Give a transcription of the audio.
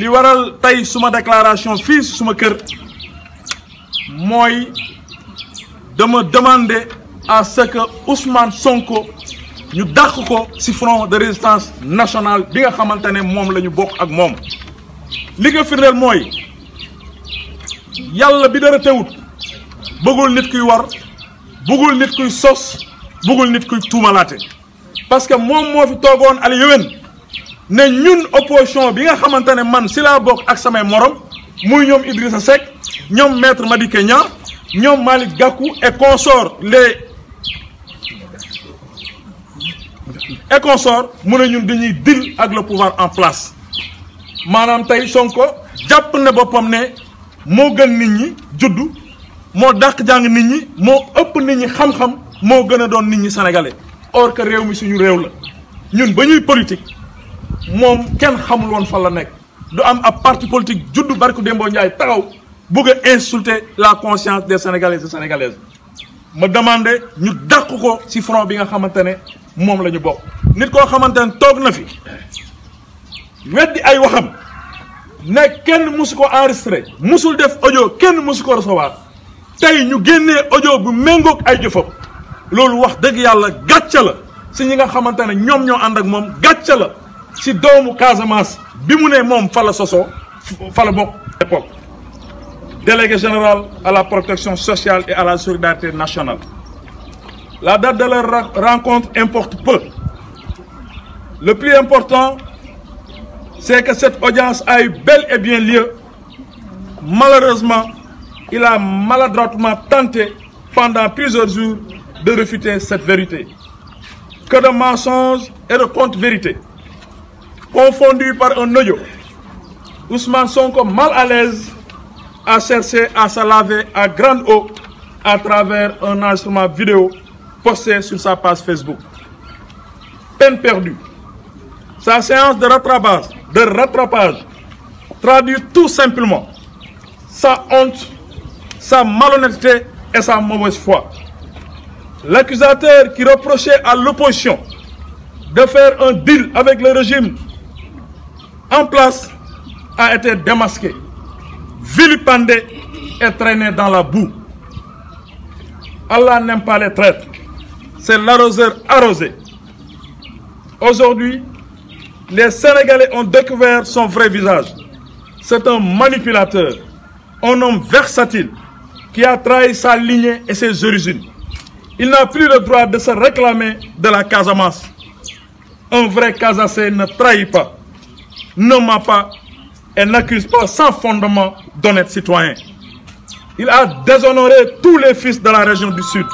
li waral suma déclaration fils suma cœur de me demander à ce que Ousmane Sonko ñu ko de résistance nationale bi nga je nous lañu ak mom li nga firndeel moy yalla bi dara tewut bëggul nit kuy war bëggul nit kuy sos bëggul nit kuy tumalaté parce que mom moi fi ne ñun opposition bi nga xamante ne man si laa bokk ak samay morom muy ñoom sa Seck ñoom maître Madické Niang ñoom Malick Gakou et consort les et mu ne ñun dañuy dil ak le pouvoir en place maanaam tey Sonko jàpp na boppam ne moo gën nit ñi juddu moo dàq jàng nit ñi moo ëpp nit ñi xam-xam moo gën a doon nit ñi sénégalais or que réew mi suñu réew la ñun ba ñuy politique. mom ken xamul won fa la nek du am ab parti politique juddu barku dembo njaay taxaw bëgg insulter la conscience des sénégalais et sénégalaises ma demandé ñu dakk ko si front bi nga xamantene ne lañu bok nit ko xamantene ne na fi weddi ay waxam ne kenn musu ko enregistré musul def audio kenn musu ko recevoir tay ñu génné audio bu mengok ay jëfam loolu wax deug yalla gatcha la ci ñi nga xamantene ne ñoo ak mom gatcha la si domou Casamance bi mu mom délégué général à la protection sociale et à la solidarité nationale la date de leur rencontre importe peu le plus important c'est que cette audience a eu bel et bien lieu malheureusement il a maladroitement tenté pendant plusieurs jours de refuter cette vérité que de mensonges et de contes vérités confondu par un noyau. Ousmane Sonko, mal à l'aise, a cherché à se laver à grande eau à travers un instrument vidéo posté sur sa page Facebook. Peine perdue. Sa séance de rattrapage, de rattrapage traduit tout simplement sa honte, sa malhonnêteté et sa mauvaise foi. L'accusateur qui reprochait à l'opposition de faire un deal avec le régime en place a été démasqué, vilipendé et traîné dans la boue. Allah n'aime pas les traîtres. C'est l'arroseur arrosé. Aujourd'hui, les Sénégalais ont découvert son vrai visage. C'est un manipulateur, un homme versatile qui a trahi sa lignée et ses origines. Il n'a plus le droit de se réclamer de la Casamance. Un vrai Casacé ne trahit pas ne ma pas et n'accuse pas sans fondement d'honnête citoyen Il a déshonoré tous les fils de la région du Sud.